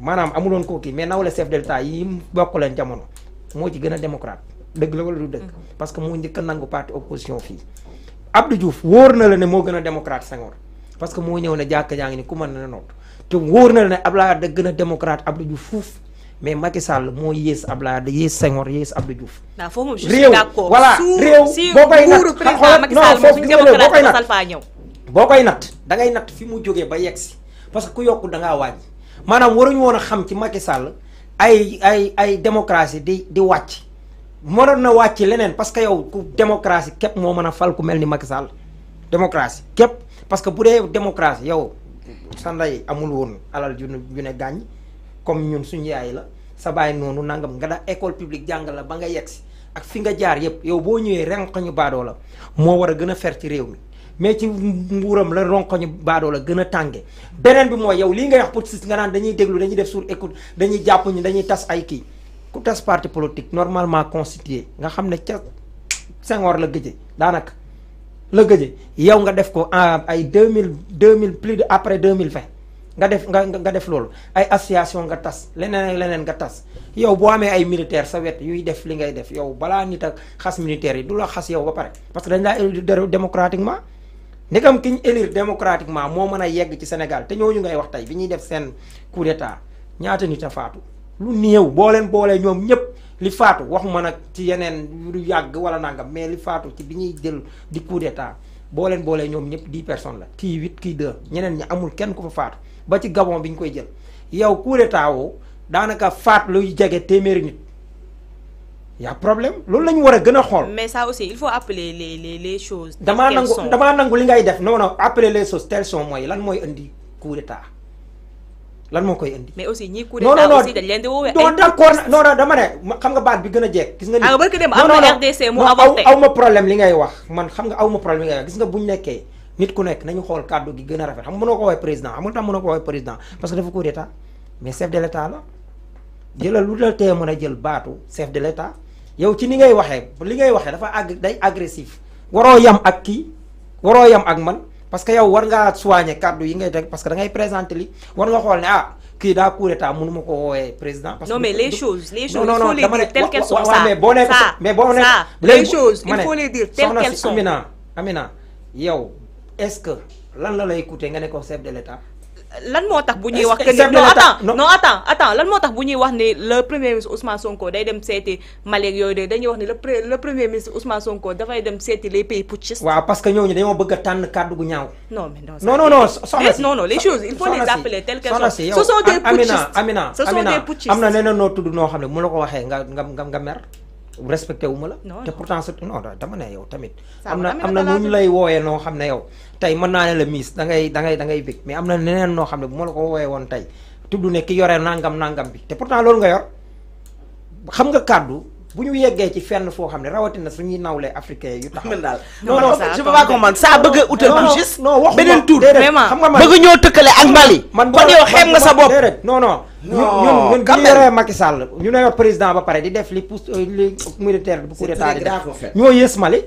maanaam amuloon ko ki mais nawle chef de yi bokku len jamono mo ci gëna démocrate deug la wala du deug parce que mo ñëk nangu parti opposition fi Abdou Diouf wóor na la né mo gëna démocrate sangor parce que mo ñëw na jakk jaa ni ku mën na note te wóor na la né Abdoulaye Wade gëna démocrate Abdou Diouf fouf mais Macky Sall mo yees Abdoulaye Wade yées Senghor yées Abdou Diouf. na fo moom je suis d'accord voilà réew bo koy nat président Macky Sall moom suñu démocrate Sall fa ñëw. boo koy nat da ngay nat fi mu joggé e ba yexi parce que ku yokku da nga wàññi maanaam waruñu woon a xam ci Macky Sall ay ay ay démocratie di di wàcc mënoon na wàcc leneen parce que yow ku démocratie képp moo mën a fal ku mel ni Macky Sall démocratie képp parce que bu dee démocratie yow sa ndey amul woon alal ju ju ne gàññ comme ñun suñu yaay la sa baay noonu nangam nga da école publique jàngal la ba nga yegg si ak fi nga jaar yëpp yow boo ñëwee renq ñu baadoo moo war a gën a fer ci réew mi mais ci nguuram la ronkoñu baadoo la gën a tànge beneen bi mooy yow lii nga wax pour si nga naan dañuy déglu dañuy def sur écoute dañuy jàpp ñi dañuy tas ay kii ku tas parti politique normalement constitué nga xam ne ca Senghor la gëje daanaka la gëje yow nga def ko en ay deux mille deux mille plus de après deux mille vingt nga def nga nga def loolu ay association nga tas leneen ak leneen nga tas yow boo amee ay militaire sa wet yuy def li ngay def yow balaa nit ak xas militaire yi du la xas yow ba pare parce que dañ laa élu démocratiquement ndegam ki ñu élire démocratiquement moo mën a yegg ci Sénégal te ñooñu ngay wax tey bi ñuy def seen coup d'état ñaata nit a faatu lu néew boo leen boolee ñoom ñëpp li faatu waxuma nag ci yeneen lu yàgg wala nangam mais li faatu ci bi ñuy jël di coup d'état boo leen boolee ñoom ñëpp di personnes la kii huit kii deux ñeneen ñi amul kenn ku fa faatu ba ci Gabon bi ñu koy jël yow coup d'état woo daanaka faat luy jege téeméeri nit. y' a problème loolu la war a gën a xool. mais ça aussi il faut appeler les les les choses. damaa nangu damaa nangu li ngay def non non appeler les choses telles sont mooy lan mooy indi coup d'état lan moo koy indi. mais aussi ñi coup aussi dañ leen di woowee non non d'accord non non dama ne xam nga baat bi gën a jekk. gis nga wax man xam nga aw ma problème li ngay wax gis nekkee nit ku nekk nañu xool kàddu gi gën a rafet xam nga mënoo ko woowee président xam nga tam mënoo ko woowee président parce que dafa coup d'état mais chef de l'état la jëlal lu la tee a jël baatu chef de l'état yow ci ni ngay waxee li ngay waxee dafa ag day agressif waroo yam ak kii waroo yam ak man parce que yow war ngaa soigner kàddu yi ngay teg parce que da ngay présenter li war nga xool ne ah kii daa coup d'état mënu ma ko woowee président. parce que non mais les choses les choses. il faut les dire telles qu'elles sont ça mais boo nee mais boo nee les choses il faut les dire telles qu'elles sont Amina Amina yow est-ce que lan la lay coûter nga ne ko chef de l'État lan moo tax bu ñuy wax que ni non attends non attends attends lan moo tax bu ñuy wax ni le premier ministre Ousmane Sonko day dem seeti Mali yooyu de dañuy wax ni le premier ministre Ousmane Sonko dafay dem seeti les pays putschistes. waaw parce que ñooñu dañoo bëgg a tànn kàddu gu ñaaw. non mais non non non soxna eh, si non non les choses il faut les appeler telles qu'elles sont. ce sont des putschistes Amina Amina Amina am na neneen noo tudd noo xam ne mu la ko waxee nga nga nga mer. respecté wu ma la. te pourtant sa non dama ne yow tamit. am na am na nu ñu lay wooyee noo xam ne yow tey mën naa ne la miis da ngay dangay ngay da ngay bég mais am na neneen noo xam ne bu ma la ko wooyee woon tey tudd ne ki yore nangam nangam bi te pourtant loolu nga yor xam nga kàddu. bu ñu yeggee ci fenn foo xam ne rawatina su nawle africain yu taxaw. daal non non je peux pas comprendre bëgg a utal. non waxuma beneen tur xam nga man bëgg ñoo tëkkale ak Mali. man kon yow xeeb nga sa bopp non non. non ñun ñun ñu yoree ñu ne président ba pare di def li pousse euh, li militaire bu coup d'état di def ñoo yées Mali.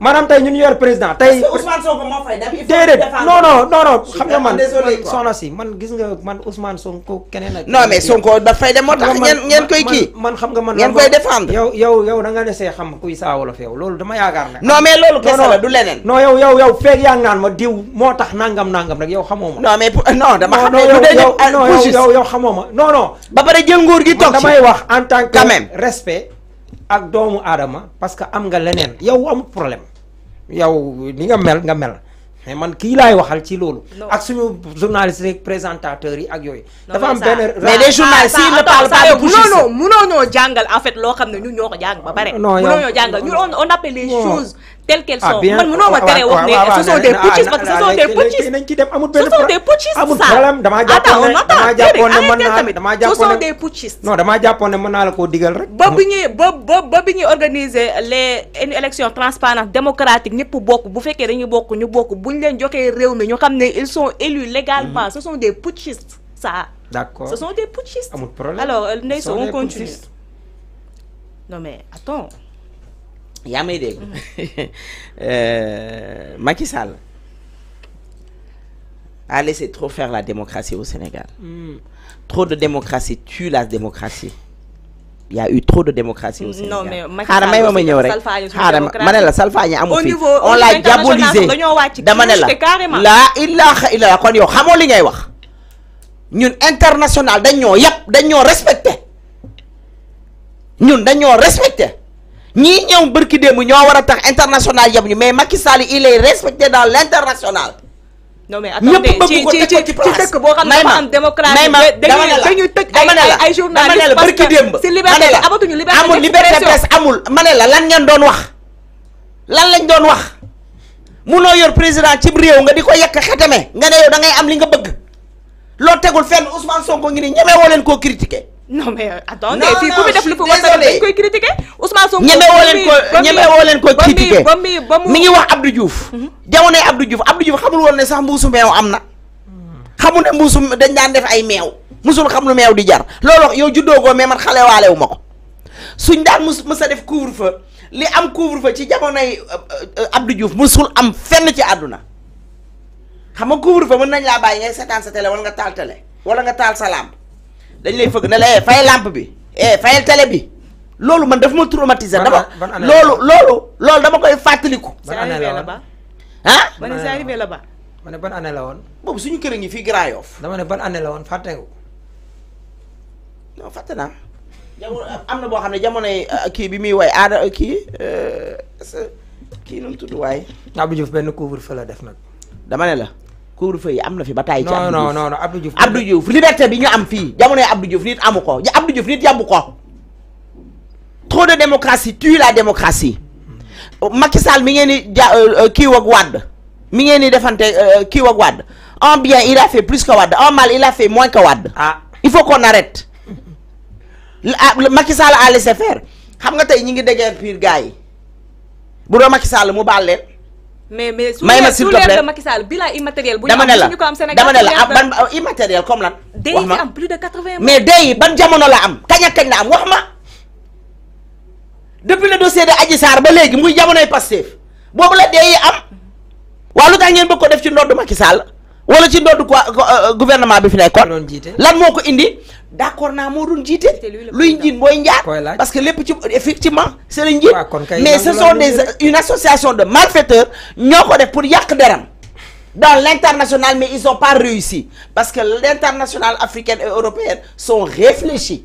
maanaam tey ñu président tey. Ousmane Sonko moo fay dem. il faut non non xam nga man soxna man gis nga man Ousmane Sonko keneen ak. non mais Sonko daf fay dem moo tax. ngeen koy kii man xam nga man. ngeen koy défendre yow yow yow da nga desee xam kuy saa wolof yow loolu dama yaakaar ne. non mais loolu kese la du leneen. non yow yow yow yaa ngi naan ma diw moo tax nangam nangam rek yow xamoo ma. non mais non dama xam ne du dee. Ah, non yow yow xamoo ma non non. ba pare jël nguur gi toog ci wax en tant que respect ak doomu aadama parce que am nga leneen yow amut problème yow ni nga mel nga mel mais man kii laay waxal ci loolu. ak suñu journaliste rek présentateurs yi ak yooyu. dafa am benn mais les journalistes yi ah, ne parlent pas de bouchis munoo ñoo jàngal en fait loo xam ne ñu ñoo ko ba pare. non yow munoo ñoo jàngal on appelle les telles qu'elles sont ce sont des putschistes ce sont des putschistes ce sont des putschistes sont des non les élections démocratique ils sont élus légalement mm-hmm. ce sont des putschistes ça d'accord ce sont des putschistes alors euh, non mais attends yaa may mm-hmm. Euh Macky Sall a laissé trop faire la démocratie au Sénégal. Mm. Trop de démocratie tue la démocratie. Il y a eu trop de démocratie au mm, Sénégal. Non mais Macky Sall xaaral ma ñëw rek xaaral ma ne la salfaañi amu fi on l'a diabolisé dama ne la la ilaha illallah kon yo xamoo li ngay wax ñun international dañ ñoo yàpp dañ ñoo respecter. ñun dañ ñoo respecter. ñi ñew barki dem ñoo wara tax international yam ñu mais Macky Sall il est respecté dans l'international non mais iya, attendez ci ci ci ci dekk bo xamne dafa am démocratie dañuy dañuy tek ay journalistes parce que liberté liberté amul liberté presse amul mané lan ngeen doon wax lan lañ doon wax mëno yor président ci réew nga diko yak xétamé nga né yow da ngay am li nga bëgg lo tegul fenn Ousmane Sonko ngi ni ñëmé ko critiquer non mais attendez ku def lu dañ koy critiquer Ousmane Sonko ñeme woo leen ko ñeme woo ko critiqué ba mi ba mu mi ngi wax Abdou Diouf mhm. jamonoy Abdou Diouf Abdou Diouf xamul woon ne sax mbuusu meew am na xamul ne mbuusu dañ daan def ay meew musul xam lu meew di jar loolu yow juddoogoo mais man xale waale wu ma ko suñ daan mus mës def couvre-feu li am couvre-feu ci jamonoy euh, euh, Abdou mu suul am fenn ci àdduna xam nga couvre-feu mën nañ laa bàyyi ngay seetaan sa télé wala nga taal télé wala nga taal sa lampe dañ lay fëgg ne la eh, fay lampe bi eh bi loolu man daf ma traumatiser dama loolu loolu loolu dama koy fàttaliku. ban année la woon ah. ban année la ba ma ne ban année la woon. boobu suñu kër ngi fii Grand Yoff. dama ne ban année la woon fàtte nga. non am na boo xam ne jamonoy euh, kii bi muy way aada euh, kii euh, kii nu mu tudd waaye. Abdou Diouf benn couvre feu def nag. dama ne la. couvre-feu yi am na fi ba taay. ci Abdou Diouf non non non Abdou Diouf. Abdou Diouf bi ñu am fii jamonoy Abdou Diouf nit amu ko Abdou Diouf nit yàmbu ko. trop de démocratie tue la démocratie Macky Sall mi ngeen euh, euh, ki wak wad. mi ngeen di defante euh, kii wag Wade en bien il a fait plus que Wade en mal il a fait moins que Wade. ah il faut qu'on arrête. ah Macky Sall a laissé faire xam nga tay ñi ngi déguerpir gars yi bu do Macky Sall mu balé. Mais mais mais su dee Macky Sall bilan immatériel. bu ñu ko am Sénégal dama ne la dama ah, ne ban immatériel comme lan. wax ma am plus de 80 mais dee ban jamono la am Kaña kaña la am wax ma depuis le dossier de Adji Sarr ba léegi muy jamonoy Pastef boobu la dee am vous lu tax ngeen bëgg ko def ci ndodd Macky Sall wala ci ndodd euh, euh, gouvernement bi fi nekkoon lan moo indi d'accord na moo doon jiite luy njiit mooy parce que les petits, effectivement c'est le mais ce sont des une association de malfaiteurs ñoo ko def pour yàq deram dans l'international mais ils n'ont pas réussi parce que l'international africain et européen sont réfléchis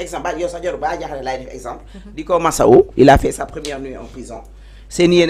exemple ba yow sax jarul ba jaaxle laay def exemple. di ko il a fait sa première nuit en prison. seen